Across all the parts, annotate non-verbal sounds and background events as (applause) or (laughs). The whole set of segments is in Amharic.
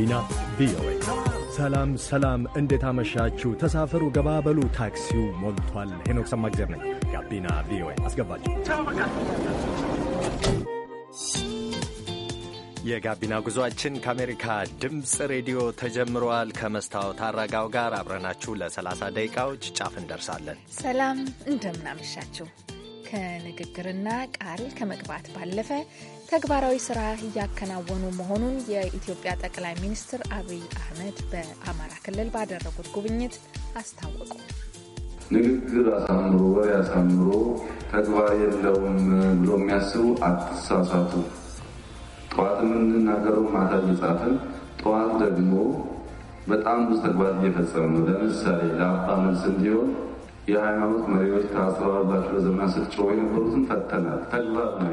ጋቢና ቪኦኤ። ሰላም ሰላም፣ እንዴት አመሻችሁ? ተሳፈሩ፣ ገባበሉ፣ ታክሲው ሞልቷል። ሄኖክ ሰማግዜር ነኝ። ጋቢና ቪኦኤ አስገባችሁ። የጋቢና ጉዟችን ከአሜሪካ ድምፅ ሬዲዮ ተጀምረዋል። ከመስታወት አረጋው ጋር አብረናችሁ ለ30 ደቂቃዎች ጫፍ እንደርሳለን። ሰላም እንደምናመሻችሁ። ከንግግርና ቃል ከመግባት ባለፈ ተግባራዊ ስራ እያከናወኑ መሆኑን የኢትዮጵያ ጠቅላይ ሚኒስትር አብይ አህመድ በአማራ ክልል ባደረጉት ጉብኝት አስታወቁ። ንግግር አሳምሮ ወይ አሳምሮ ተግባር የለውም ብሎ የሚያስቡ አትሳሳቱ። ጠዋት የምንናገረው ማታ እየጻፍን ጠዋት ደግሞ በጣም ብዙ ተግባር እየፈጸመ ነው። ለምሳሌ ለአባ መልስ እንዲሆን የሃይማኖት መሪዎች ታስረዋላችሁ ዘመን ስትጮህ የነበሩትን ፈተናል። ተግባር ነው።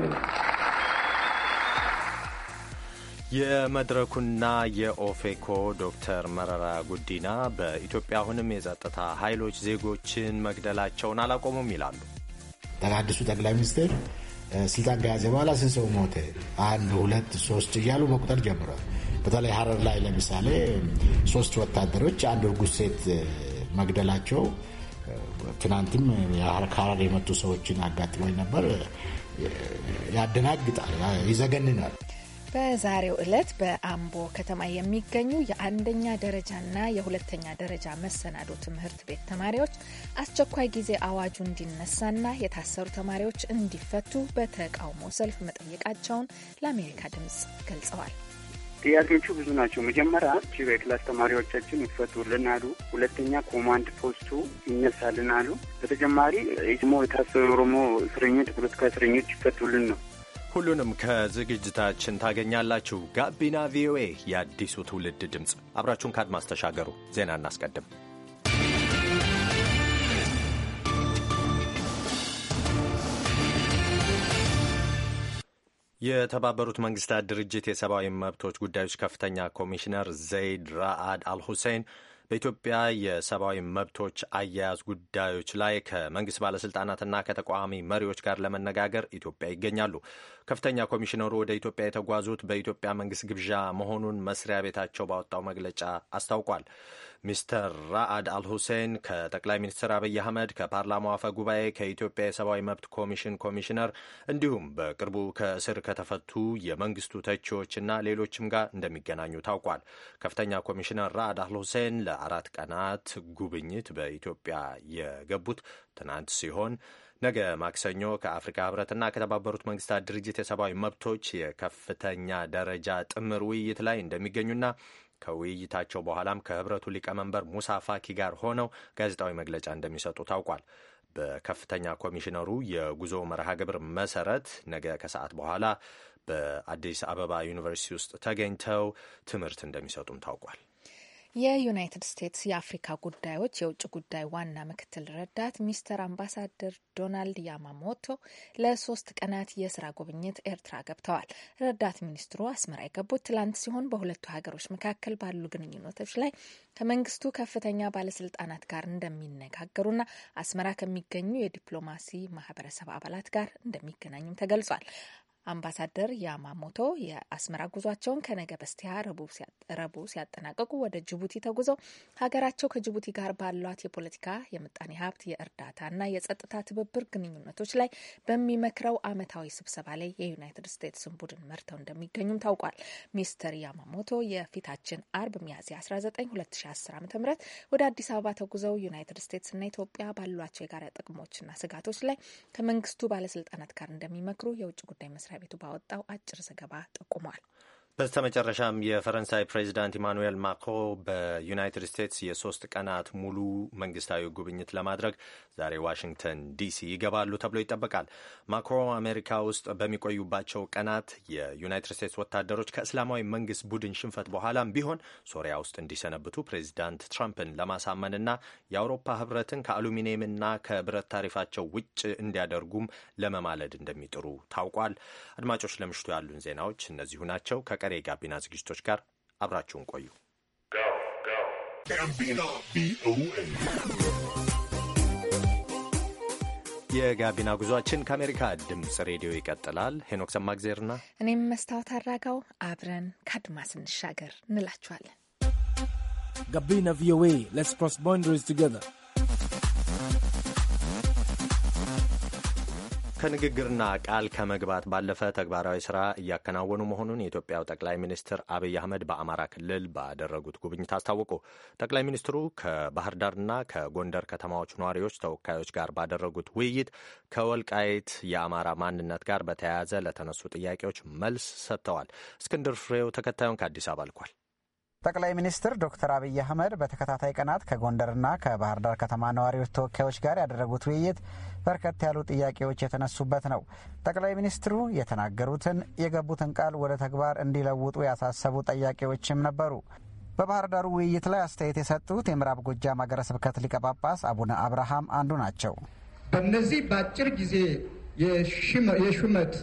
የመድረኩና የኦፌኮ ዶክተር መረራ ጉዲና በኢትዮጵያ አሁንም የጸጥታ ኃይሎች ዜጎችን መግደላቸውን አላቆሙም ይላሉ። አዲሱ ጠቅላይ ሚኒስትር ስልጣን ከያዘ በኋላ ስንት ሰው ሞተ? አንድ ሁለት ሶስት እያሉ መቁጠር ጀምሯል። በተለይ ሀረር ላይ ለምሳሌ ሶስት ወታደሮች አንድ እርጉዝ ሴት መግደላቸው ትናንትም ከሀረር የመጡ ሰዎችን አጋጥሞኝ ነበር። ያደናግጣል፣ ይዘገንናል። በዛሬው ዕለት በአምቦ ከተማ የሚገኙ የአንደኛ ደረጃና የሁለተኛ ደረጃ መሰናዶ ትምህርት ቤት ተማሪዎች አስቸኳይ ጊዜ አዋጁ እንዲነሳና የታሰሩ ተማሪዎች እንዲፈቱ በተቃውሞ ሰልፍ መጠየቃቸውን ለአሜሪካ ድምጽ ገልጸዋል። ጥያቄዎቹ ብዙ ናቸው። መጀመሪያ ቺ የክላስ ተማሪዎቻችን ይፈቱልን አሉ። ሁለተኛ ኮማንድ ፖስቱ ይነሳልን አሉ። በተጨማሪ ሞ የታሰሩ ኦሮሞ እስረኞች፣ ፖለቲካ እስረኞች ይፈቱልን ነው። ሁሉንም ከዝግጅታችን ታገኛላችሁ። ጋቢና ቪኦኤ የአዲሱ ትውልድ ድምፅ፣ አብራችሁን ከአድማስ ተሻገሩ። ዜና እናስቀድም። የተባበሩት መንግስታት ድርጅት የሰብአዊ መብቶች ጉዳዮች ከፍተኛ ኮሚሽነር ዘይድ ራአድ አልሁሴን በኢትዮጵያ የሰብአዊ መብቶች አያያዝ ጉዳዮች ላይ ከመንግስት ባለስልጣናትና ከተቃዋሚ መሪዎች ጋር ለመነጋገር ኢትዮጵያ ይገኛሉ። ከፍተኛ ኮሚሽነሩ ወደ ኢትዮጵያ የተጓዙት በኢትዮጵያ መንግስት ግብዣ መሆኑን መስሪያ ቤታቸው ባወጣው መግለጫ አስታውቋል። ሚስተር ራአድ አልሁሴን ከጠቅላይ ሚኒስትር አብይ አህመድ፣ ከፓርላማው አፈ ጉባኤ፣ ከኢትዮጵያ የሰብአዊ መብት ኮሚሽን ኮሚሽነር እንዲሁም በቅርቡ ከእስር ከተፈቱ የመንግስቱ ተቺዎችና ሌሎችም ጋር እንደሚገናኙ ታውቋል። ከፍተኛ ኮሚሽነር ራአድ አልሁሴን ለአራት ቀናት ጉብኝት በኢትዮጵያ የገቡት ትናንት ሲሆን ነገ ማክሰኞ ከአፍሪካ ህብረትና ከተባበሩት መንግስታት ድርጅት የሰብአዊ መብቶች የከፍተኛ ደረጃ ጥምር ውይይት ላይ እንደሚገኙና ከውይይታቸው በኋላም ከህብረቱ ሊቀመንበር ሙሳ ፋኪ ጋር ሆነው ጋዜጣዊ መግለጫ እንደሚሰጡ ታውቋል። በከፍተኛ ኮሚሽነሩ የጉዞ መርሃ ግብር መሰረት ነገ ከሰዓት በኋላ በአዲስ አበባ ዩኒቨርሲቲ ውስጥ ተገኝተው ትምህርት እንደሚሰጡም ታውቋል። የዩናይትድ ስቴትስ የአፍሪካ ጉዳዮች የውጭ ጉዳይ ዋና ምክትል ረዳት ሚስተር አምባሳደር ዶናልድ ያማሞቶ ለሶስት ቀናት የስራ ጉብኝት ኤርትራ ገብተዋል። ረዳት ሚኒስትሩ አስመራ የገቡት ትላንት ሲሆን በሁለቱ ሀገሮች መካከል ባሉ ግንኙነቶች ላይ ከመንግስቱ ከፍተኛ ባለስልጣናት ጋር እንደሚነጋገሩና አስመራ ከሚገኙ የዲፕሎማሲ ማህበረሰብ አባላት ጋር እንደሚገናኙም ተገልጿል። አምባሳደር ያማሞቶ የአስመራ ጉዟቸውን ከነገ በስቲያ ረቡ ሲያጠናቀቁ ወደ ጅቡቲ ተጉዘው ሀገራቸው ከጅቡቲ ጋር ባሏት የፖለቲካ፣ የምጣኔ ሀብት፣ የእርዳታ እና የጸጥታ ትብብር ግንኙነቶች ላይ በሚመክረው ዓመታዊ ስብሰባ ላይ የዩናይትድ ስቴትስን ቡድን መርተው እንደሚገኙም ታውቋል። ሚስተር ያማሞቶ የፊታችን አርብ ሚያዝያ 19 2010 ዓ ም ወደ አዲስ አበባ ተጉዘው ዩናይትድ ስቴትስና ኢትዮጵያ ባሏቸው የጋራ ጥቅሞችና ስጋቶች ላይ ከመንግስቱ ባለስልጣናት ጋር እንደሚመክሩ የውጭ ጉዳይ መስሪያ መስሪያ ቤቱ ባወጣው አጭር ዘገባ ጠቁሟል። በስተ መጨረሻም የፈረንሳይ ፕሬዚዳንት ኢማኑኤል ማክሮ በዩናይትድ ስቴትስ የሶስት ቀናት ሙሉ መንግስታዊ ጉብኝት ለማድረግ ዛሬ ዋሽንግተን ዲሲ ይገባሉ ተብሎ ይጠበቃል። ማክሮ አሜሪካ ውስጥ በሚቆዩባቸው ቀናት የዩናይትድ ስቴትስ ወታደሮች ከእስላማዊ መንግስት ቡድን ሽንፈት በኋላም ቢሆን ሶሪያ ውስጥ እንዲሰነብቱ ፕሬዚዳንት ትራምፕን ለማሳመንና የአውሮፓ ህብረትን ከአሉሚኒየምና ከብረት ታሪፋቸው ውጭ እንዲያደርጉም ለመማለድ እንደሚጥሩ ታውቋል። አድማጮች ለምሽቱ ያሉን ዜናዎች እነዚሁ ናቸው። ከቀሪ የጋቢና ዝግጅቶች ጋር አብራችሁን ቆዩ። የጋቢና ጉዟችን ከአሜሪካ ድምፅ ሬዲዮ ይቀጥላል። ሄኖክ ሰማግዜርና እኔም መስታወት አራጋው አብረን ከአድማስ እንሻገር እንላችኋለን። ጋቢና ቪኦኤ ስ ፕሮስ ባውንደሪስ ቱገር ከንግግርና ቃል ከመግባት ባለፈ ተግባራዊ ስራ እያከናወኑ መሆኑን የኢትዮጵያው ጠቅላይ ሚኒስትር አብይ አህመድ በአማራ ክልል ባደረጉት ጉብኝት አስታወቁ። ጠቅላይ ሚኒስትሩ ከባህር ዳርና ከጎንደር ከተማዎች ነዋሪዎች ተወካዮች ጋር ባደረጉት ውይይት ከወልቃይት የአማራ ማንነት ጋር በተያያዘ ለተነሱ ጥያቄዎች መልስ ሰጥተዋል። እስክንድር ፍሬው ተከታዩን ከአዲስ አበባ ልኳል። ጠቅላይ ሚኒስትር ዶክተር አብይ አህመድ በተከታታይ ቀናት ከጎንደርና ከባህር ዳር ከተማ ነዋሪዎች ተወካዮች ጋር ያደረጉት ውይይት በርከት ያሉ ጥያቄዎች የተነሱበት ነው። ጠቅላይ ሚኒስትሩ የተናገሩትን የገቡትን ቃል ወደ ተግባር እንዲለውጡ ያሳሰቡ ጥያቄዎችም ነበሩ። በባህር ዳሩ ውይይት ላይ አስተያየት የሰጡት የምዕራብ ጎጃም ሀገረ ስብከት ሊቀ ጳጳስ አቡነ አብርሃም አንዱ ናቸው። በእነዚህ በአጭር ጊዜ የሹመት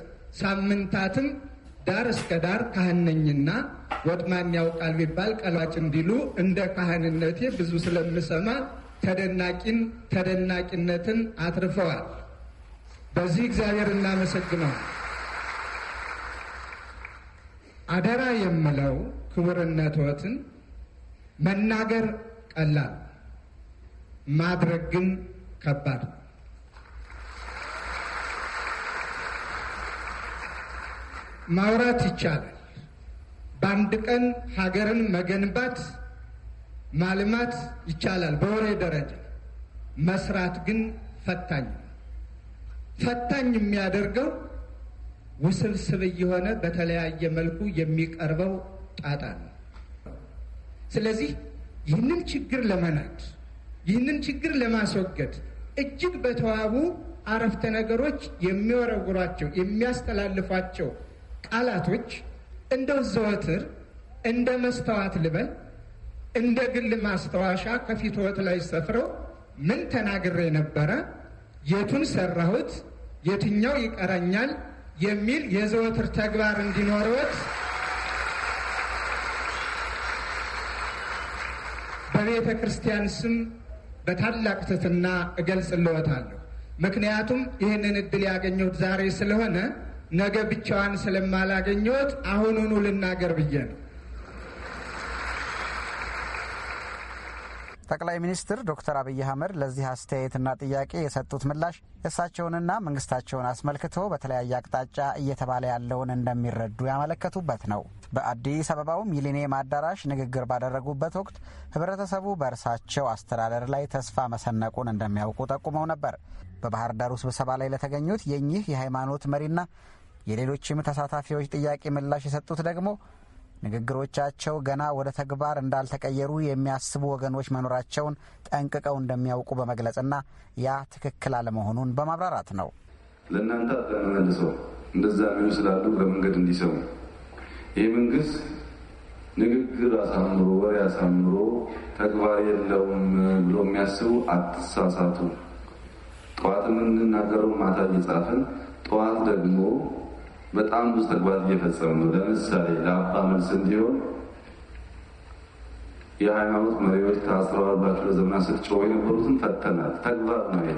ሳምንታትም ዳር እስከ ዳር ካህን ነኝና ወድማን ያውቃል ቢባል ቀላጭ እንዲሉ እንደ ካህንነቴ ብዙ ስለምሰማ ተደናቂን ተደናቂነትን አትርፈዋል። በዚህ እግዚአብሔር እናመሰግነው። አደራ የምለው ክቡርነትዎትን መናገር ቀላል፣ ማድረግ ግን ከባድ ማውራት ይቻላል። በአንድ ቀን ሀገርን መገንባት ማልማት ይቻላል በወሬ ደረጃ። መስራት ግን ፈታኝ ነው። ፈታኝ የሚያደርገው ውስብስብ እየሆነ በተለያየ መልኩ የሚቀርበው ጣጣ ነው። ስለዚህ ይህንን ችግር ለመናድ ይህንን ችግር ለማስወገድ እጅግ በተዋቡ አረፍተ ነገሮች የሚወረውሯቸው የሚያስተላልፏቸው ቃላቶች እንደው ዘወትር እንደ መስተዋት ልበል እንደ ግል ማስታወሻ ከፊትወት ላይ ሰፍረው ምን ተናግሬ ነበረ፣ የቱን ሰራሁት፣ የትኛው ይቀረኛል የሚል የዘወትር ተግባር እንዲኖረዎት በቤተ ክርስቲያን ስም በታላቅ ትሕትና እገልጽልዎታለሁ። ምክንያቱም ይህንን እድል ያገኘሁት ዛሬ ስለሆነ ነገ ብቻዋን ስለማላገኘት አሁኑኑ ልናገር ብዬ ነው። ጠቅላይ ሚኒስትር ዶክተር አብይ አህመድ ለዚህ አስተያየትና ጥያቄ የሰጡት ምላሽ እሳቸውንና መንግስታቸውን አስመልክቶ በተለያየ አቅጣጫ እየተባለ ያለውን እንደሚረዱ ያመለከቱበት ነው። በአዲስ አበባው ሚሊኒየም አዳራሽ ንግግር ባደረጉበት ወቅት ህብረተሰቡ በእርሳቸው አስተዳደር ላይ ተስፋ መሰነቁን እንደሚያውቁ ጠቁመው ነበር። በባህር ዳሩ ስብሰባ ላይ ለተገኙት የእኚህ የሃይማኖት መሪና የሌሎችም ተሳታፊዎች ጥያቄ ምላሽ የሰጡት ደግሞ ንግግሮቻቸው ገና ወደ ተግባር እንዳልተቀየሩ የሚያስቡ ወገኖች መኖራቸውን ጠንቅቀው እንደሚያውቁ በመግለጽና ያ ትክክል አለመሆኑን በማብራራት ነው። ለእናንተ አጠመመልሰው እንደዛ ሚሉ ስላሉ በመንገድ እንዲሰሙ ይህ መንግስት ንግግር አሳምሮ ወሬ አሳምሮ ተግባር የለውም ብሎ የሚያስቡ አትሳሳቱ። ጠዋት የምንናገረው ማታ እየጻፍን ጠዋት ደግሞ በጣም ብዙ ተግባር እየፈጸሙ ነው። ለምሳሌ ለአባ መልስ እንዲሆን የሃይማኖት መሪዎች ታስረዋል ብላችሁ ለዘመናት ስትጮሁ የነበሩትን ፈተናል። ተግባር ነው ይሄ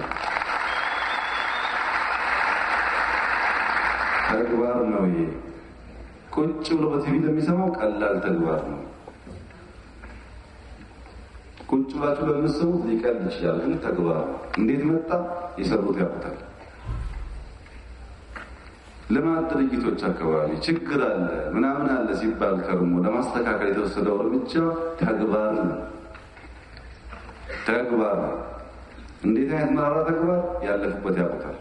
ተግባር ነው ይሄ። ቁጭ ብሎ በቲቪ ለሚሰማው ቀላል ተግባር ነው። ቁጭ ብላችሁ ለምትሰሙት ሊቀል ይችላል፣ ግን ተግባር እንዴት መጣ? የሰሩት ያውቁታል። ልማት ድርጊቶች አካባቢ ችግር አለ ምናምን አለ ሲባል ከርሞ ለማስተካከል የተወሰደው እርምጃ ተግባር ነው። ተግባር ነው። እንዴት አይነት መራራ ተግባር ያለፍበት ያውቁታል።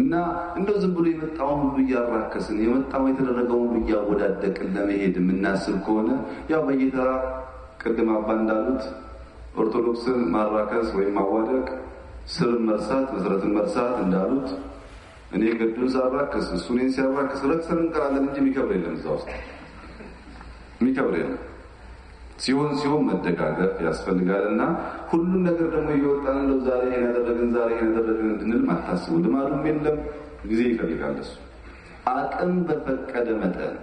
እና እንደው ዝም ብሎ የመጣውን ሁሉ እያራከስን የመጣው የተደረገውን ሁሉ እያወዳደቅን ለመሄድ የምናስብ ከሆነ ያው በየተራ ቅድም አባ እንዳሉት ኦርቶዶክስን ማራከስ ወይም ማዋደቅ ስርን መርሳት መሰረትን መርሳት እንዳሉት እኔ ግድን ሳባክስ እሱ እኔን ሲያባክስ ረክሰን እንቀራለን እንጂ የሚከብር የለም እዛ ውስጥ የሚከብር የለም። ሲሆን ሲሆን መደጋገፍ ያስፈልጋል እና ሁሉም ነገር ደግሞ እየወጣን እንደው ዛሬ ይሄን ያደረግን ዛሬ ይሄን ያደረግን እንድንል አታስቡ። ልማዱም የለም ጊዜ ይፈልጋል። እሱ አቅም በፈቀደ መጠን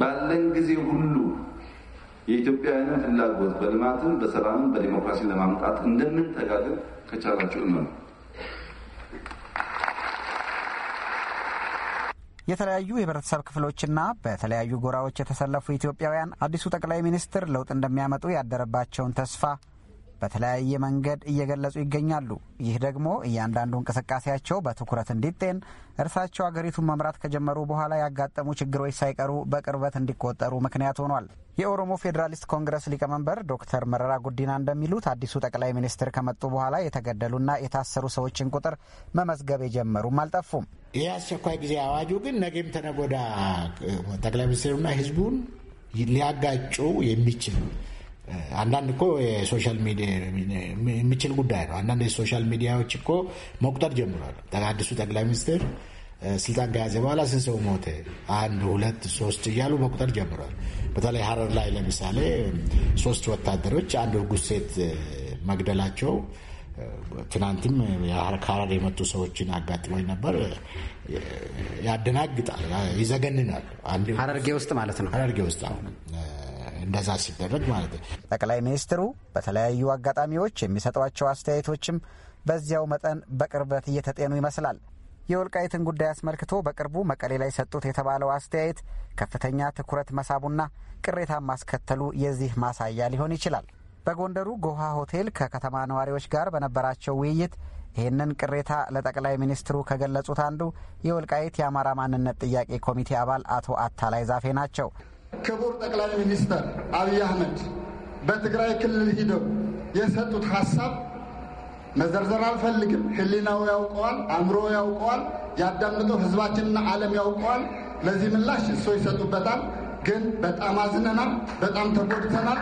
ባለን ጊዜ ሁሉ የኢትዮጵያውያንን ፍላጎት በልማትም በሰላምም በዲሞክራሲ ለማምጣት እንደምንጠጋግም ከቻላችሁ እመኑ። የተለያዩ የህብረተሰብ ክፍሎችና በተለያዩ ጎራዎች የተሰለፉ ኢትዮጵያውያን አዲሱ ጠቅላይ ሚኒስትር ለውጥ እንደሚያመጡ ያደረባቸውን ተስፋ በተለያየ መንገድ እየገለጹ ይገኛሉ። ይህ ደግሞ እያንዳንዱ እንቅስቃሴያቸው በትኩረት እንዲጤን እርሳቸው አገሪቱን መምራት ከጀመሩ በኋላ ያጋጠሙ ችግሮች ሳይቀሩ በቅርበት እንዲቆጠሩ ምክንያት ሆኗል። የኦሮሞ ፌዴራሊስት ኮንግረስ ሊቀመንበር ዶክተር መረራ ጉዲና እንደሚሉት አዲሱ ጠቅላይ ሚኒስትር ከመጡ በኋላ የተገደሉና የታሰሩ ሰዎችን ቁጥር መመዝገብ የጀመሩም አልጠፉም። ይህ አስቸኳይ ጊዜ አዋጁ ግን ነገም ተነጎዳ ጠቅላይ ሚኒስትሩና ህዝቡን ሊያጋጩ የሚችል አንዳንድ እኮ የሶሻል ሚዲያ የሚችል ጉዳይ ነው። አንዳንድ የሶሻል ሚዲያዎች እኮ መቁጠር ጀምሯል። አዲሱ ጠቅላይ ሚኒስትር ስልጣን ከያዘ በኋላ ስንት ሰው ሞተ፣ አንድ ሁለት ሶስት እያሉ መቁጠር ጀምሯል። በተለይ ሀረር ላይ ለምሳሌ ሶስት ወታደሮች አንድ እርጉዝ ሴት መግደላቸው ትናንትም ከሀረር የመጡ ሰዎችን አጋጥሞኝ ነበር። ያደናግጣል፣ ይዘገንናል። ሀረርጌ ውስጥ ማለት ነው። ሀረርጌ ውስጥ አሁን እንደዛ ሲደረግ ማለት ነው። ጠቅላይ ሚኒስትሩ በተለያዩ አጋጣሚዎች የሚሰጧቸው አስተያየቶችም በዚያው መጠን በቅርበት እየተጤኑ ይመስላል። የወልቃይትን ጉዳይ አስመልክቶ በቅርቡ መቀሌ ላይ ሰጡት የተባለው አስተያየት ከፍተኛ ትኩረት መሳቡና ቅሬታ ማስከተሉ የዚህ ማሳያ ሊሆን ይችላል። በጎንደሩ ጎሃ ሆቴል ከከተማ ነዋሪዎች ጋር በነበራቸው ውይይት ይህንን ቅሬታ ለጠቅላይ ሚኒስትሩ ከገለጹት አንዱ የወልቃይት የአማራ ማንነት ጥያቄ ኮሚቴ አባል አቶ አታላይ ዛፌ ናቸው። ክቡር ጠቅላይ ሚኒስተር አብይ አህመድ በትግራይ ክልል ሂደው የሰጡት ሀሳብ መዘርዘር አልፈልግም። ህሊናው ያውቀዋል፣ አእምሮ ያውቀዋል፣ ያዳምጠው ህዝባችንና ዓለም ያውቀዋል። ለዚህ ምላሽ እሶ ይሰጡበታል። ግን በጣም አዝነናል፣ በጣም ተጎድተናል፣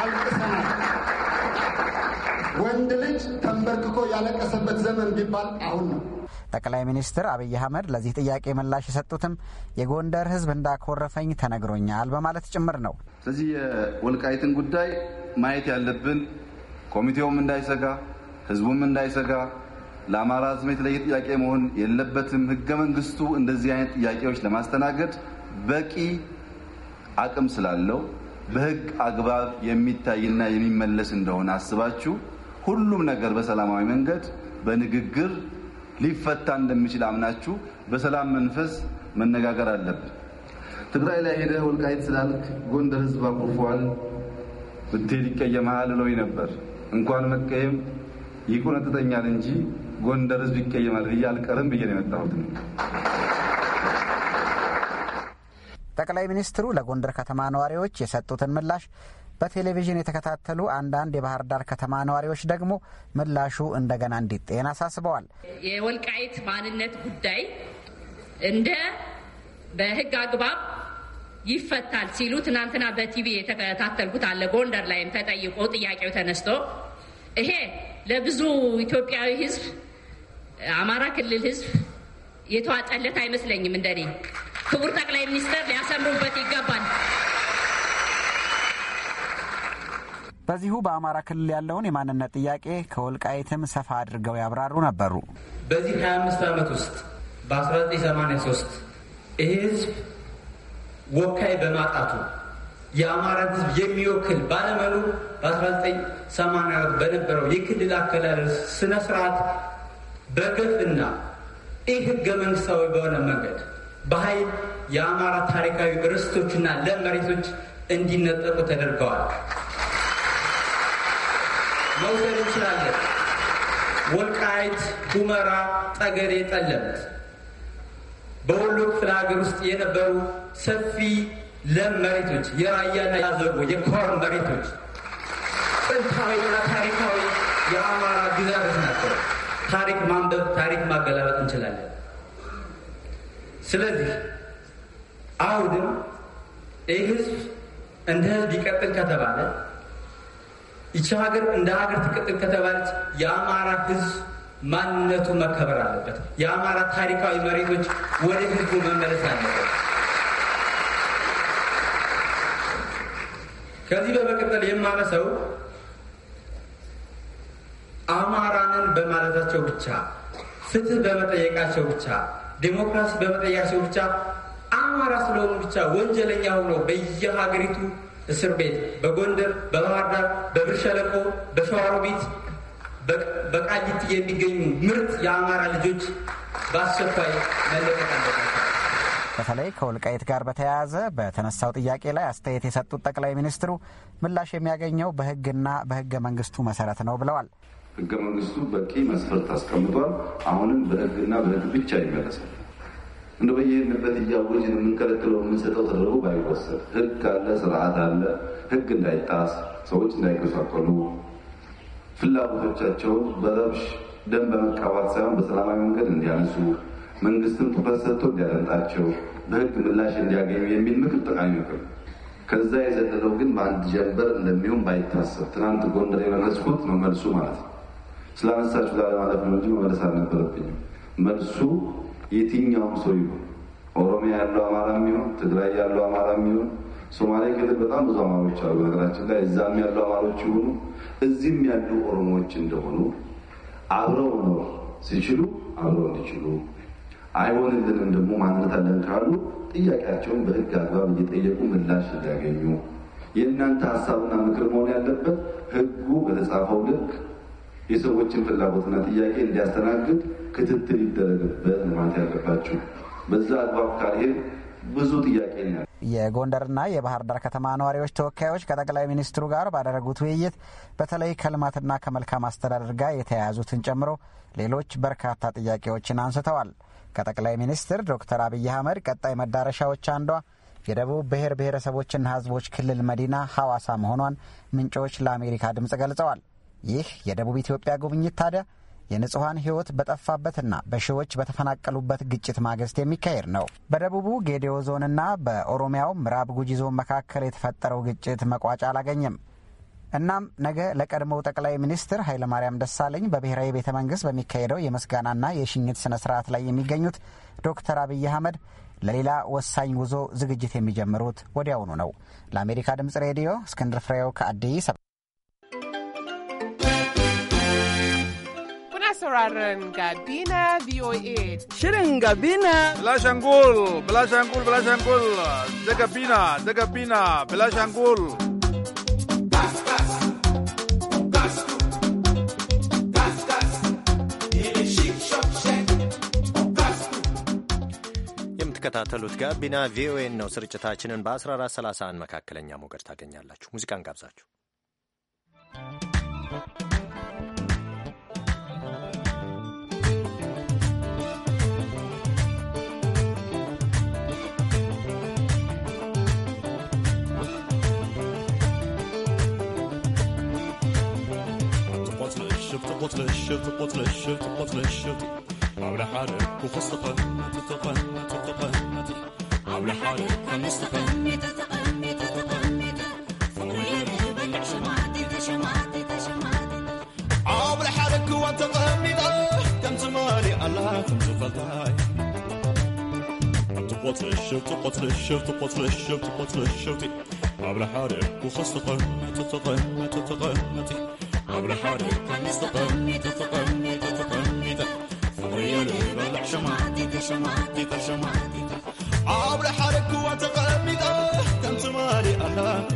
አልቅሰናል። ወንድ ልጅ ተንበርክኮ ያለቀሰበት ዘመን ቢባል አሁን ነው። ጠቅላይ ሚኒስትር አብይ አህመድ ለዚህ ጥያቄ ምላሽ የሰጡትም የጎንደር ህዝብ እንዳኮረፈኝ ተነግሮኛል በማለት ጭምር ነው። ስለዚህ የወልቃይትን ጉዳይ ማየት ያለብን ኮሚቴውም እንዳይሰጋ፣ ህዝቡም እንዳይሰጋ ለአማራ ሕዝብ የተለየ ጥያቄ መሆን የለበትም። ህገ መንግስቱ እንደዚህ አይነት ጥያቄዎች ለማስተናገድ በቂ አቅም ስላለው በህግ አግባብ የሚታይና የሚመለስ እንደሆነ አስባችሁ ሁሉም ነገር በሰላማዊ መንገድ በንግግር ሊፈታ እንደሚችል አምናችሁ በሰላም መንፈስ መነጋገር አለብን። ትግራይ ላይ ሄደህ ወልቃይት ስላልክ ጎንደር ህዝብ አኩርፏል ብትሄድ ይቀየመሃል ብለው ነበር። እንኳን መቀየም ይቆነጥጠኛል እንጂ ጎንደር ህዝብ ይቀየማል ብዬ አልቀርም ብዬ ነው የመጣሁት። ጠቅላይ ሚኒስትሩ ለጎንደር ከተማ ነዋሪዎች የሰጡትን ምላሽ በቴሌቪዥን የተከታተሉ አንዳንድ የባህር ዳር ከተማ ነዋሪዎች ደግሞ ምላሹ እንደገና እንዲጤን አሳስበዋል። የወልቃይት ማንነት ጉዳይ እንደ በህግ አግባብ ይፈታል ሲሉ ትናንትና በቲቪ የተከታተልኩት አለ። ጎንደር ላይም ተጠይቆ ጥያቄው ተነስቶ ይሄ ለብዙ ኢትዮጵያዊ ህዝብ አማራ ክልል ህዝብ የተዋጠለት አይመስለኝም። እንደኔ ክቡር ጠቅላይ ሚኒስትር ሊያሰምሩበት ይገባል። በዚሁ በአማራ ክልል ያለውን የማንነት ጥያቄ ከወልቃይትም ሰፋ አድርገው ያብራሩ ነበሩ። በዚህ 25 ዓመት ውስጥ በ1983 ይህ ህዝብ ወካይ በማጣቱ የአማራ ህዝብ የሚወክል ባለመሉ በ1984 በነበረው የክልል አከላለል ስነ ስርዓት በገፍና ይህ ህገ መንግስታዊ በሆነ መንገድ በኃይል የአማራ ታሪካዊ ርስቶችና ለም መሬቶች እንዲነጠቁ ተደርገዋል። መውሰድ እንችላለን። ወልቃይት፣ ሁመራ፣ ጠገዴ፣ ጠለምት በሁሉ ክፍለ ሀገር ውስጥ የነበሩ ሰፊ ለም መሬቶች የራያና ያዘጎ የኮር መሬቶች ጥንታዊና ታሪካዊ የአማራ ግዛቶች ናቸው። ታሪክ ማንበብ፣ ታሪክ ማገላበጥ እንችላለን። ስለዚህ አሁንም ይህ ህዝብ እንደ ህዝብ ይቀጥል ከተባለ ይቺ ሀገር እንደ ሀገር ትቅጥል ከተባለች የአማራ ህዝብ ማንነቱ መከበር አለበት። የአማራ ታሪካዊ መሬቶች ወደ ህዝቡ መመለስ አለበት። ከዚህ በመቀጠል የማነሰው አማራንን በማለታቸው ብቻ ፍትህ በመጠየቃቸው ብቻ ዴሞክራሲ በመጠየቃቸው ብቻ አማራ ስለሆኑ ብቻ ወንጀለኛ ሆነው በየሀገሪቱ እስር ቤት በጎንደር፣ በባህር ዳር፣ በብር ሸለቆ፣ በሸዋሮቢት፣ በቃሊቲ የሚገኙ ምርጥ የአማራ ልጆች በአስቸኳይ መለቀቅ አለባቸው። በተለይ ከወልቃይት ጋር በተያያዘ በተነሳው ጥያቄ ላይ አስተያየት የሰጡት ጠቅላይ ሚኒስትሩ ምላሽ የሚያገኘው በሕግና በሕገ መንግስቱ መሰረት ነው ብለዋል። ሕገ መንግስቱ በቂ መስፈርት አስቀምጧል። አሁንም በሕግና በሕግ ብቻ ይመለሳል። እንደ በየሄድንበት እያወጅን የምንከለክለው የምንሰጠው ተደረጉ ባይወሰድ ህግ አለ፣ ስርዓት አለ። ህግ እንዳይጣስ ሰዎች እንዳይጎሳቆሉ ፍላጎቶቻቸውን በረብሽ ደም በመቃባት ሳይሆን በሰላማዊ መንገድ እንዲያነሱ መንግስትም ትኩረት ሰጥቶ እንዲያደምጣቸው በህግ ምላሽ እንዲያገኙ የሚል ምክር ጠቃሚ ምክር። ከዛ የዘለለው ግን በአንድ ጀንበር እንደሚሆን ባይታሰብ። ትናንት ጎንደር የመለስኩት ነው መልሱ ማለት ነው። ስላነሳችሁ ላለማለፍ ነው እንጂ መመለስ አልነበረብኝም መልሱ የትኛውም ሰው ይሁን ኦሮሚያ ያለው አማራ የሚሆን ትግራይ ያለው አማራ የሚሆን ሶማሌ ክልል በጣም ብዙ አማሮች አሉ። ነገራችን ላይ እዛም ያሉ አማሮች ይሁኑ እዚህም ያሉ ኦሮሞዎች እንደሆኑ አብረው ነው ሲችሉ አብረው እንዲችሉ አይሆንልንም ደግሞ አለን ካሉ ጥያቄያቸውን በህግ አግባብ እየጠየቁ ምላሽ እንዲያገኙ የእናንተ ሀሳብና ምክር መሆን ያለበት ህጉ በተጻፈው ልክ የሰዎችን ፍላጎትና ጥያቄ እንዲያስተናግድ ክትትል ይደረግበት ማለት ያለባቸው። በዛ አግባብ ካልሄድ ብዙ ጥያቄ ነው። የጎንደርና የባህር ዳር ከተማ ነዋሪዎች ተወካዮች ከጠቅላይ ሚኒስትሩ ጋር ባደረጉት ውይይት በተለይ ከልማትና ከመልካም አስተዳደር ጋር የተያያዙትን ጨምሮ ሌሎች በርካታ ጥያቄዎችን አንስተዋል። ከጠቅላይ ሚኒስትር ዶክተር አብይ አህመድ ቀጣይ መዳረሻዎች አንዷ የደቡብ ብሔር ብሔረሰቦችና ሕዝቦች ክልል መዲና ሐዋሳ መሆኗን ምንጮች ለአሜሪካ ድምፅ ገልጸዋል። ይህ የደቡብ ኢትዮጵያ ጉብኝት ታዲያ የንጹሐን ሕይወት በጠፋበትና በሺዎች በተፈናቀሉበት ግጭት ማግስት የሚካሄድ ነው። በደቡቡ ጌዲዮ ዞንና በኦሮሚያው ምዕራብ ጉጂ ዞን መካከል የተፈጠረው ግጭት መቋጫ አላገኘም። እናም ነገ ለቀድሞው ጠቅላይ ሚኒስትር ኃይለማርያም ደሳለኝ በብሔራዊ ቤተ መንግስት በሚካሄደው የምስጋናና የሽኝት ስነ ስርዓት ላይ የሚገኙት ዶክተር አብይ አህመድ ለሌላ ወሳኝ ጉዞ ዝግጅት የሚጀምሩት ወዲያውኑ ነው። ለአሜሪካ ድምጽ ሬዲዮ እስክንድር ፍሬው ከአዲስ sauraron Gabina VOA. Shirin Gabina. Bilashangul, Bilashangul, Bilashangul, da Gabina, da Gabina, Bilashangul. የምትከታተሉት ጋቢና ቪኦኤ ነው። ስርጭታችንን በ1431 መካከለኛ ሞገድ ታገኛላችሁ። ሙዚቃን ጋብዛችሁ تطلش تطلش تطلش عاملة حالك وخصتقني تتقني تتقني عاملة حالك فنستقني تتقني تتقني فويا رهبك شمعتي تشمعتي تشمعتي عاملة حالك وانت تغني كم زماني الله كم زفلتاي تقطلش تقطلش تقطلش تقطلش عاملة حالك وخصتقني تتقني تتقني قبل حريقا استقمت استقمت استقمت ثمري ليلة شمعتك شمعتك شمعتك عبر حرك وتقمت كم تماري ألا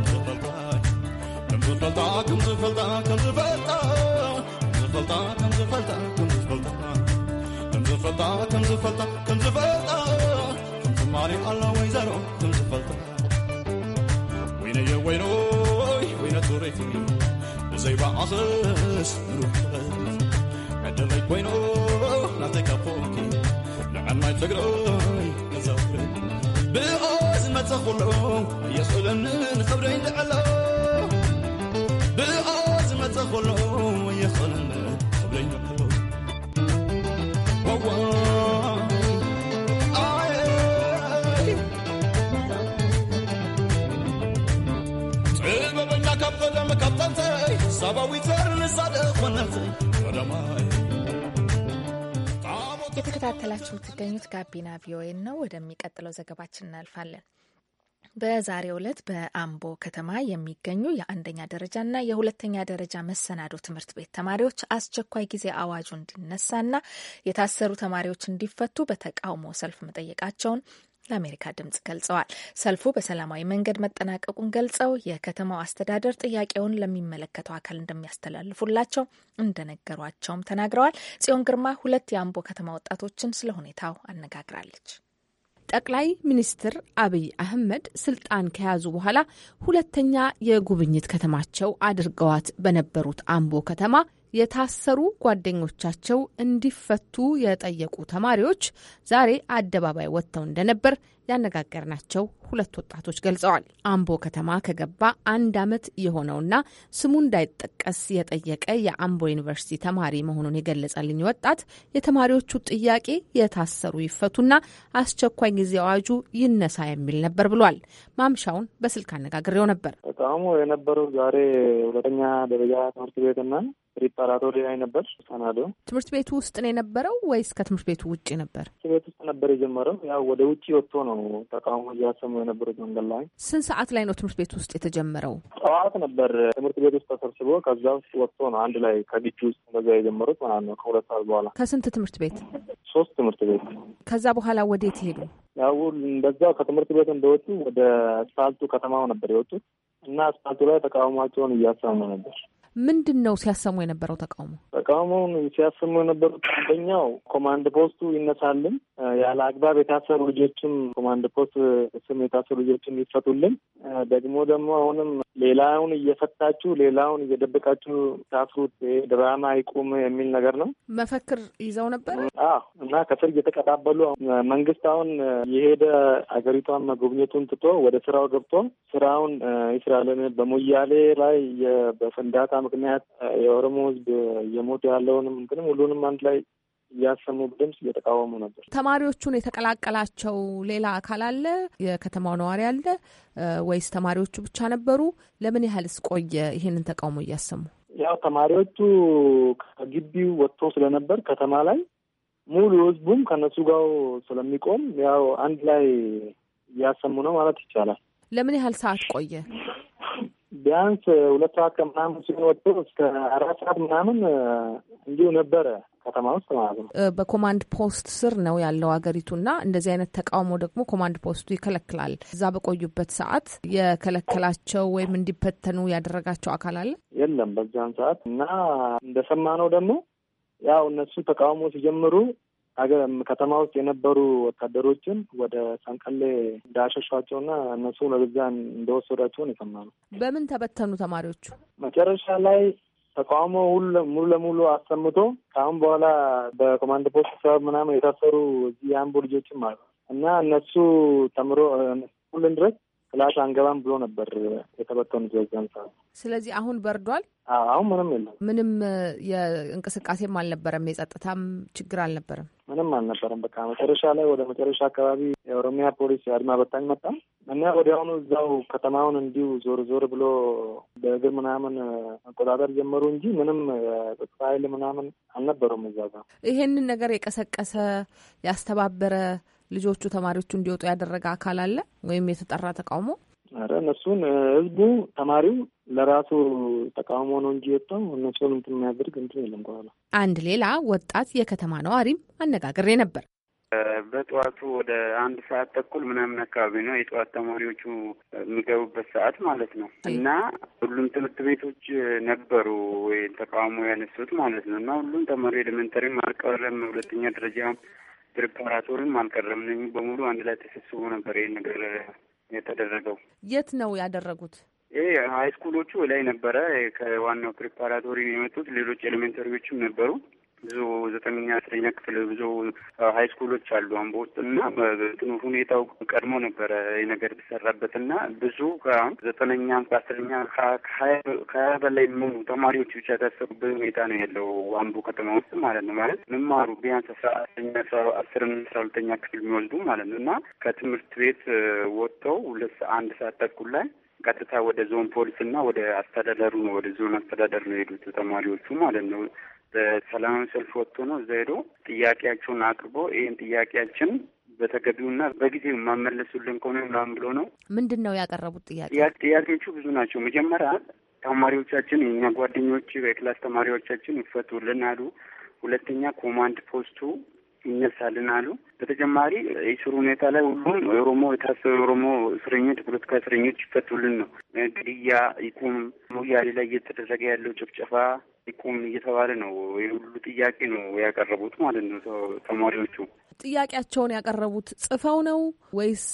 كم تفلتا كم تفلتا كم تفلتا كم تفلتا كم تفلتا كم تفلتا كم تفلتا كم تفلتا كم تفلتا كم تماري ألا ويزرو عطش نروح غد عدلي كوينو نعطيك فوقي لعل ما يتقرأي نزافرك بأوز ما تخلو يسألن خبرين لعلو بأوز ما تخلو የተከታተላችሁ የምትገኙት ጋቢና ቪኦኤ ነው። ወደሚቀጥለው ዘገባችን እናልፋለን። በዛሬ ዕለት በአምቦ ከተማ የሚገኙ የአንደኛ ደረጃና የሁለተኛ ደረጃ መሰናዶ ትምህርት ቤት ተማሪዎች አስቸኳይ ጊዜ አዋጁ እንዲነሳና የታሰሩ ተማሪዎች እንዲፈቱ በተቃውሞ ሰልፍ መጠየቃቸውን ለአሜሪካ ድምጽ ገልጸዋል። ሰልፉ በሰላማዊ መንገድ መጠናቀቁን ገልጸው የከተማው አስተዳደር ጥያቄውን ለሚመለከተው አካል እንደሚያስተላልፉላቸው እንደነገሯቸውም ተናግረዋል። ጽዮን ግርማ ሁለት የአምቦ ከተማ ወጣቶችን ስለ ሁኔታው አነጋግራለች። ጠቅላይ ሚኒስትር አብይ አህመድ ስልጣን ከያዙ በኋላ ሁለተኛ የጉብኝት ከተማቸው አድርገዋት በነበሩት አምቦ ከተማ የታሰሩ ጓደኞቻቸው እንዲፈቱ የጠየቁ ተማሪዎች ዛሬ አደባባይ ወጥተው እንደነበር ያነጋገርናቸው ሁለት ወጣቶች ገልጸዋል። አምቦ ከተማ ከገባ አንድ ዓመት የሆነውና ስሙ እንዳይጠቀስ የጠየቀ የአምቦ ዩኒቨርሲቲ ተማሪ መሆኑን የገለጸልኝ ወጣት የተማሪዎቹ ጥያቄ የታሰሩ ይፈቱና አስቸኳይ ጊዜ አዋጁ ይነሳ የሚል ነበር ብሏል። ማምሻውን በስልክ አነጋግሬው ነበር። ተቃውሞ የነበረው ዛሬ ሁለተኛ ደረጃ ትምህርት ቤትና ሪፓራቶሪ ላይ ነበር። ሰናዶ ትምህርት ቤቱ ውስጥ ነው የነበረው ወይስ ከትምህርት ቤቱ ውጭ ነበር? ትምህርት ቤት ውስጥ ነበር የጀመረው። ያው ወደ ውጭ ወጥቶ ነው ነው ተቃውሞ እያሰሙ የነበሩት መንገድ ላይ። ስንት ሰዓት ላይ ነው ትምህርት ቤት ውስጥ የተጀመረው? ጠዋት ነበር ትምህርት ቤት ውስጥ ተሰብስቦ ከዛ ውስጥ ወጥቶ ነው አንድ ላይ ከግቢ ውስጥ እንደዛ የጀመሩት ማለት ነው። ከሁለት ሰዓት በኋላ ከስንት ትምህርት ቤት? ሶስት ትምህርት ቤት። ከዛ በኋላ ወዴት ሄዱ? ያው እንደዛው ከትምህርት ቤት እንደወጡ ወደ አስፋልቱ ከተማው ነበር የወጡት እና አስፋልቱ ላይ ተቃውሟቸውን እያሰሙ ነበር። ምንድን ነው ሲያሰሙ የነበረው ተቃውሞ? ተቃውሞውን ሲያሰሙ የነበሩት አንደኛው ኮማንድ ፖስቱ ይነሳልን፣ ያለ አግባብ የታሰሩ ልጆችም ኮማንድ ፖስት ስም የታሰሩ ልጆችም ይፈቱልን፣ ደግሞ ደግሞ አሁንም ሌላውን እየፈታችሁ ሌላውን እየደበቃችሁ ታስሩት ድራማ ይቁም የሚል ነገር ነው። መፈክር ይዘው ነበር። አዎ እና ከስር እየተቀጣበሉ መንግስት አሁን የሄደ ሀገሪቷን መጎብኘቱን ትቶ ወደ ስራው ገብቶ ስራውን ይስራልን በሞያሌ ላይ በፍንዳታ ምክንያት የኦሮሞ ህዝብ እየሞቱ ያለውንም እንትንም ሁሉንም አንድ ላይ እያሰሙ በድምፅ እየተቃወሙ ነበር። ተማሪዎቹን የተቀላቀላቸው ሌላ አካል አለ? የከተማው ነዋሪ አለ ወይስ ተማሪዎቹ ብቻ ነበሩ? ለምን ያህልስ ቆየ ይሄንን ተቃውሞ እያሰሙ? ያው ተማሪዎቹ ከግቢው ወጥቶ ስለነበር ከተማ ላይ ሙሉ ህዝቡም ከነሱ ጋር ስለሚቆም ያው አንድ ላይ እያሰሙ ነው ማለት ይቻላል። ለምን ያህል ሰዓት ቆየ? (laughs) ቢያንስ ሁለት ሰዓት ከምናምን ሲወጡ እስከ አራት ሰዓት ምናምን እንዲሁ ነበረ ከተማ ውስጥ ማለት ነው። በኮማንድ ፖስት ስር ነው ያለው ሀገሪቱ እና እንደዚህ አይነት ተቃውሞ ደግሞ ኮማንድ ፖስቱ ይከለክላል። እዛ በቆዩበት ሰዓት የከለከላቸው ወይም እንዲፈተኑ ያደረጋቸው አካል አለ የለም በዛን ሰዓት እና እንደሰማ ነው ደግሞ ያው እነሱ ተቃውሞ ሲጀምሩ ከተማ ውስጥ የነበሩ ወታደሮችን ወደ ሰንቀሌ እንዳሸሿቸውና እነሱ ለብዛ እንደወሰዷቸውን ነው። በምን ተበተኑ ተማሪዎቹ? መጨረሻ ላይ ተቃውሞ ሙሉ ለሙሉ አሰምቶ ከአሁን በኋላ በኮማንድ ፖስት ሰበብ ምናምን የታሰሩ የአምቦ ልጆችም አሉ እና እነሱ ተምሮ ሁልን ድረስ ክላስ አንገባም ብሎ ነበር የተበተኑት በዛን ሰዓት። ስለዚህ አሁን በርዷል። አሁን ምንም የለም። ምንም የእንቅስቃሴም አልነበረም። የጸጥታም ችግር አልነበረም። ምንም አልነበረም። በቃ መጨረሻ ላይ ወደ መጨረሻ አካባቢ የኦሮሚያ ፖሊስ አድማ በታኝ መጣም። እና ወዲያውኑ እዛው ከተማውን እንዲሁ ዞር ዞር ብሎ በእግር ምናምን መቆጣጠር ጀመሩ እንጂ ምንም የጸጥታ ኃይል ምናምን አልነበሩም እዛ ጋር። ይሄንን ነገር የቀሰቀሰ ያስተባበረ ልጆቹ ተማሪዎቹ እንዲወጡ ያደረገ አካል አለ ወይም የተጠራ ተቃውሞ? አረ እነሱን ህዝቡ ተማሪው ለራሱ ተቃውሞ ነው እንጂ የወጣው እነሱን እንትን የሚያደርግ እንትን የለም። ከኋላ አንድ ሌላ ወጣት የከተማ ነዋሪም አነጋግሬ ነበር። በጠዋቱ ወደ አንድ ሰዓት ተኩል ምናምን አካባቢ ነው የጠዋት ተማሪዎቹ የሚገቡበት ሰዓት ማለት ነው። እና ሁሉም ትምህርት ቤቶች ነበሩ ወይ ተቃውሞ ያነሱት ማለት ነው። እና ሁሉም ተማሪ ኤሌመንተሪም፣ አርቀለም ሁለተኛ ደረጃ ድርቅ አልቀረም። እነኚህ በሙሉ አንድ ላይ ተሰብስቦ ነበር ይህን ነገር የተደረገው። የት ነው ያደረጉት? ይህ ሀይስኩሎቹ ላይ ነበረ። ከዋናው ፕሪፓራቶሪ የመጡት። ሌሎች ኤሌሜንተሪዎችም ነበሩ። ብዙ ዘጠነኛ አስረኛ ክፍል ብዙ ሀይ ስኩሎች አሉ አምቦ ውስጥ እና ሁኔታው ቀድሞ ነበረ ነገር የተሰራበት እና ብዙ ዘጠነኛ አስረኛ ከሀያ በላይ የሚሆኑ ተማሪዎች ብቻ የታሰሩበት ሁኔታ ነው ያለው አምቦ ከተማ ውስጥ ማለት ነው። ማለት መማሩ ቢያንስ አስራ አስረኛ አስርና አስራ ሁለተኛ ክፍል የሚወስዱ ማለት ነው እና ከትምህርት ቤት ወጥተው ሁለት አንድ ሰዓት ተኩል ላይ ቀጥታ ወደ ዞን ፖሊስ እና ወደ አስተዳደሩ ነው ወደ ዞን አስተዳደር ነው የሄዱት ተማሪዎቹ ማለት ነው። በሰላማዊ ሰልፍ ወጥቶ ነው እዛ ሄዶ ጥያቄያቸውን አቅርቦ ይህን ጥያቄያችን በተገቢውና በጊዜው የማመለሱልን ከሆነ ምናምን ብሎ ነው። ምንድን ነው ያቀረቡት ጥያቄ? ጥያቄዎቹ ብዙ ናቸው። መጀመሪያ ተማሪዎቻችን፣ የኛ ጓደኞች፣ የክላስ ተማሪዎቻችን ይፈቱልን አሉ። ሁለተኛ ኮማንድ ፖስቱ ይነሳልን አሉ። በተጨማሪ የእስር ሁኔታ ላይ ሁሉም የኦሮሞ የታሰሩ የኦሮሞ እስረኞች ፖለቲካ እስረኞች ይፈቱልን ነው። ግድያ ይቁም፣ ሞያሌ ላይ እየተደረገ ያለው ጭፍጨፋ ይቁም እየተባለ ነው። ሁሉ ጥያቄ ነው ያቀረቡት ማለት ነው ተማሪዎቹ። ጥያቄያቸውን ያቀረቡት ጽፈው ነው ወይስ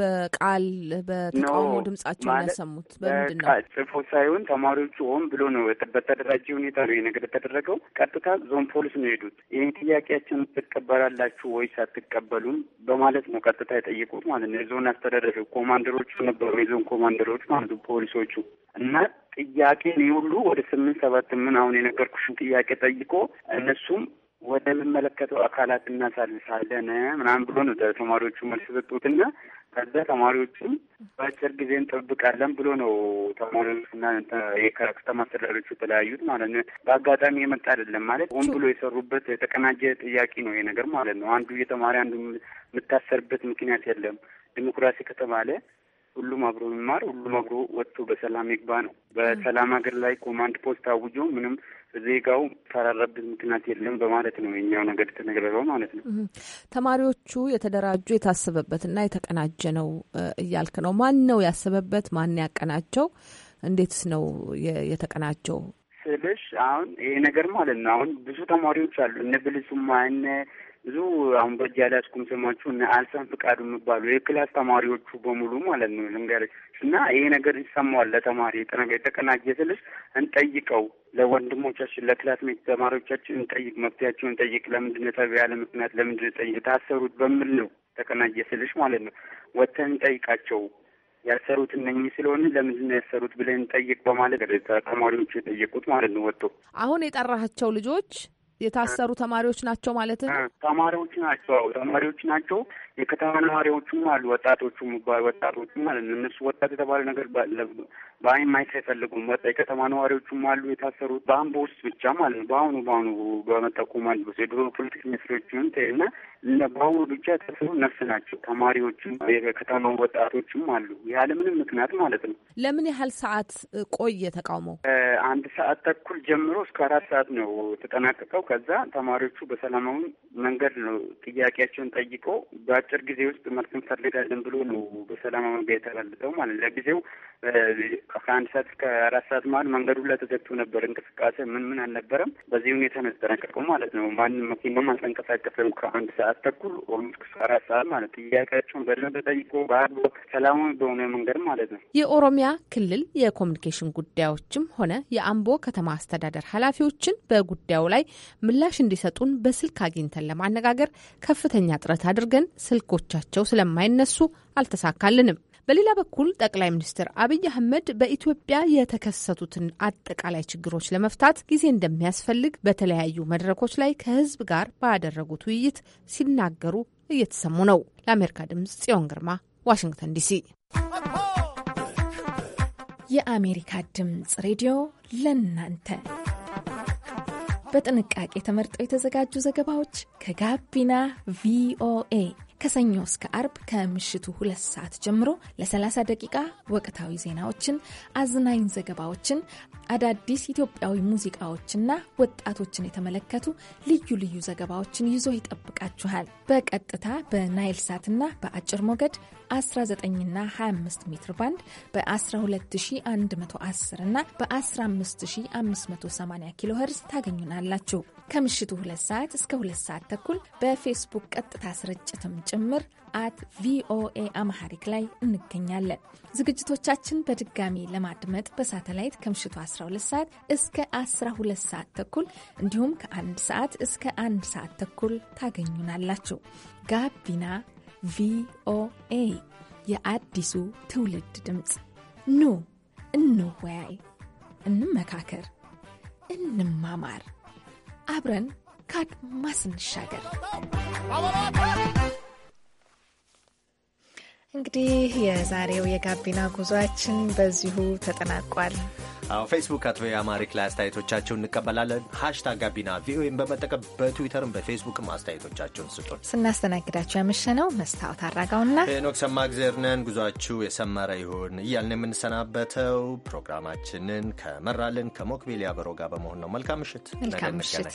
በቃል በተቃውሞ ድምጻቸውን ያሰሙት በምንድን ነው? ጽፎ ሳይሆን ተማሪዎቹ ሆን ብሎ ነው በተደራጀ ሁኔታ ነው ነገር የተደረገው። ቀጥታ ዞን ፖሊስ ነው የሄዱት። ይህን ጥያቄያችን ትቀበላላችሁ ወይስ አትቀበሉም በማለት ነው ቀጥታ የጠየቁት ማለት ነው። የዞን አስተዳደር ኮማንደሮቹ ነበሩ፣ የዞን ኮማንደሮች ማለት ፖሊሶቹ እና ጥያቄ ነው ሁሉ ወደ ስምንት ሰባት ምን አሁን የነገርኩሽን ጥያቄ ጠይቆ እነሱም ወደሚመለከተው አካላት እናሳልሳለን ምናምን ብሎ ነው ተማሪዎቹ መልስ ሰጡትና ከዛ ተማሪዎቹም በአጭር ጊዜ እንጠብቃለን ብሎ ነው ተማሪዎቹና የከተማ አስተዳዳሪዎቹ የተለያዩት ማለት ነው። በአጋጣሚ የመጣ አይደለም ማለት ሆን ብሎ የሰሩበት የተቀናጀ ጥያቄ ነው ይሄ ነገር ማለት ነው። አንዱ የተማሪ አንዱ የምታሰርበት ምክንያት የለም። ዲሞክራሲ ከተባለ ሁሉም አብሮ የሚማር ሁሉም አብሮ ወጥቶ በሰላም ይግባ ነው። በሰላም ሀገር ላይ ኮማንድ ፖስት አውጆ ምንም ዜጋው ፈራረብት ምክንያት የለም በማለት ነው የኛው ነገር ተነግረረው ማለት ነው። ተማሪዎቹ የተደራጁ የታሰበበትና የተቀናጀ ነው እያልክ ነው። ማን ነው ያሰበበት? ማን ያቀናቸው? እንዴትስ ነው የተቀናጀው ስልሽ አሁን ይሄ ነገር ማለት ነው። አሁን ብዙ ተማሪዎች አሉ እነ ብልጹማ እነ ብዙ አሁን በእጅ ያልያዝኩም ስማችሁ እነ አልሳን ፍቃዱ የሚባሉ የክላስ ተማሪዎቹ በሙሉ ማለት ነው ልንገርሽ። እና ይሄ ነገር ይሰማዋል ለተማሪ የተቀናጀ ስልሽ እንጠይቀው፣ ለወንድሞቻችን ለክላስ ሜት ተማሪዎቻችን እንጠይቅ፣ መፍትያቸውን እንጠይቅ። ለምንድነ ተብ ያለ ምክንያት ለምንድነ ጠይቅ የታሰሩት በምል ነው ተቀናጀ ስልሽ ማለት ነው። ወተን እንጠይቃቸው ያሰሩት እነኚህ ስለሆነ ለምንድን ነው ያሰሩት ብለን እንጠይቅ በማለት ተማሪዎቹ የጠየቁት ማለት ነው። ወጥቶ አሁን የጠራሃቸው ልጆች የታሰሩ ተማሪዎች ናቸው ማለት ነው? ተማሪዎች ናቸው። ተማሪዎች ናቸው። የከተማ ነዋሪዎቹም አሉ ወጣቶቹ ወጣቶቹ ማለት እነሱ ወጣት የተባለ ነገር በአይን ማየት አይፈልጉም። ወጣ የከተማ ነዋሪዎቹም አሉ የታሰሩት በአምቦ ውስጥ ብቻ ማለት ነው። በአሁኑ በአሁኑ በመጠቆም አሉ የድሮ ፖለቲክ ሚኒስትሮችን እና በአሁኑ ብቻ የታሰሩ ነፍስ ናቸው። ተማሪዎችም የከተማ ወጣቶችም አሉ ያለምንም ምክንያት ማለት ነው። ለምን ያህል ሰዓት ቆየ ተቃውመው አንድ ሰዓት ተኩል ጀምሮ እስከ አራት ሰዓት ነው ተጠናቀቀው። ከዛ ተማሪዎቹ በሰላማዊ መንገድ ነው ጥያቄያቸውን ጠይቀው በአጭር ጊዜ ውስጥ መልስ እንፈልጋለን ብሎ ነው በሰላማዊ መንገድ የተላለፈው ማለት ለጊዜው ከአንድ ሰዓት እስከ አራት ሰዓት መሀል መንገዱ ላይ ተዘግቶ ነበር። እንቅስቃሴ ምን ምን አልነበረም። በዚህ ሁኔታ ነው የተጠናቀቀው ማለት ነው። ማንም መኪናም አልተንቀሳቀሰም ከአንድ ሰዓት ተኩል ኦልሞስት እስከ አራት ሰዓት ማለት ጥያቄያቸውን በደንብ ተጠይቆ በአግባቡ ሰላማዊ በሆነ መንገድ ማለት ነው። የኦሮሚያ ክልል የኮሚኒኬሽን ጉዳዮችም ሆነ የአምቦ ከተማ አስተዳደር ኃላፊዎችን በጉዳዩ ላይ ምላሽ እንዲሰጡን በስልክ አግኝተን ለማነጋገር ከፍተኛ ጥረት አድርገን ስል ስልኮቻቸው ስለማይነሱ አልተሳካልንም። በሌላ በኩል ጠቅላይ ሚኒስትር አብይ አህመድ በኢትዮጵያ የተከሰቱትን አጠቃላይ ችግሮች ለመፍታት ጊዜ እንደሚያስፈልግ በተለያዩ መድረኮች ላይ ከህዝብ ጋር ባደረጉት ውይይት ሲናገሩ እየተሰሙ ነው። ለአሜሪካ ድምጽ ጽዮን ግርማ ዋሽንግተን ዲሲ። የአሜሪካ ድምፅ ሬዲዮ ለናንተ በጥንቃቄ ተመርጠው የተዘጋጁ ዘገባዎች ከጋቢና ቪኦኤ ከሰኞ እስከ አርብ ከምሽቱ ሁለት ሰዓት ጀምሮ ለ30 ደቂቃ ወቅታዊ ዜናዎችን፣ አዝናኝ ዘገባዎችን፣ አዳዲስ ኢትዮጵያዊ ሙዚቃዎችና ወጣቶችን የተመለከቱ ልዩ ልዩ ዘገባዎችን ይዞ ይጠብቃችኋል። በቀጥታ በናይል ሳትና በአጭር ሞገድ 19ና 25 ሜትር ባንድ በ12110 እና በ15580 ኪሎ ሄርዝ ታገኙናላችሁ። ከምሽቱ 2 ሰዓት እስከ 2 ሰዓት ተኩል በፌስቡክ ቀጥታ ስርጭትም ጭምር አት ቪኦኤ አማሐሪክ ላይ እንገኛለን። ዝግጅቶቻችን በድጋሚ ለማድመጥ በሳተላይት ከምሽቱ 12 ሰዓት እስከ 12 ሰዓት ተኩል እንዲሁም ከአንድ ሰዓት እስከ አንድ ሰዓት ተኩል ታገኙናላችሁ። ጋቢና ቪኦኤ የአዲሱ ትውልድ ድምፅ። ኑ እንወያይ፣ እንመካከር፣ እንማማር፣ አብረን ካድማስ እንሻገር። እንግዲህ የዛሬው የጋቢና ጉዟችን በዚሁ ተጠናቋል። ፌስቡክ አቶ የአማሪክ ላይ አስተያየቶቻቸውን እንቀበላለን። ሀሽታግ ጋቢና ቪኦኤን በመጠቀም በትዊተርም በፌስቡክም አስተያየቶቻቸውን ስጡን። ስናስተናግዳቸው ያመሸነው መስታወት አራጋውና ሄኖክ ሰማእግዜር ነን። ጉዟችሁ የሰመረ ይሁን እያልን የምንሰናበተው ፕሮግራማችንን ከመራልን ከሞክቢል ያበሮ ጋር በመሆን ነው። መልካም ምሽት። መልካም ምሽት።